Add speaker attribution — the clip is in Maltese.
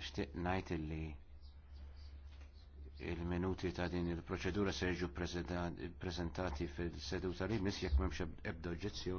Speaker 1: nixtieq ngħid illi il-minuti ta' din il-proċedura se jiġu prezentati fil-seduta li mis jekk m'hemmx
Speaker 2: ebda oġġezzjoni.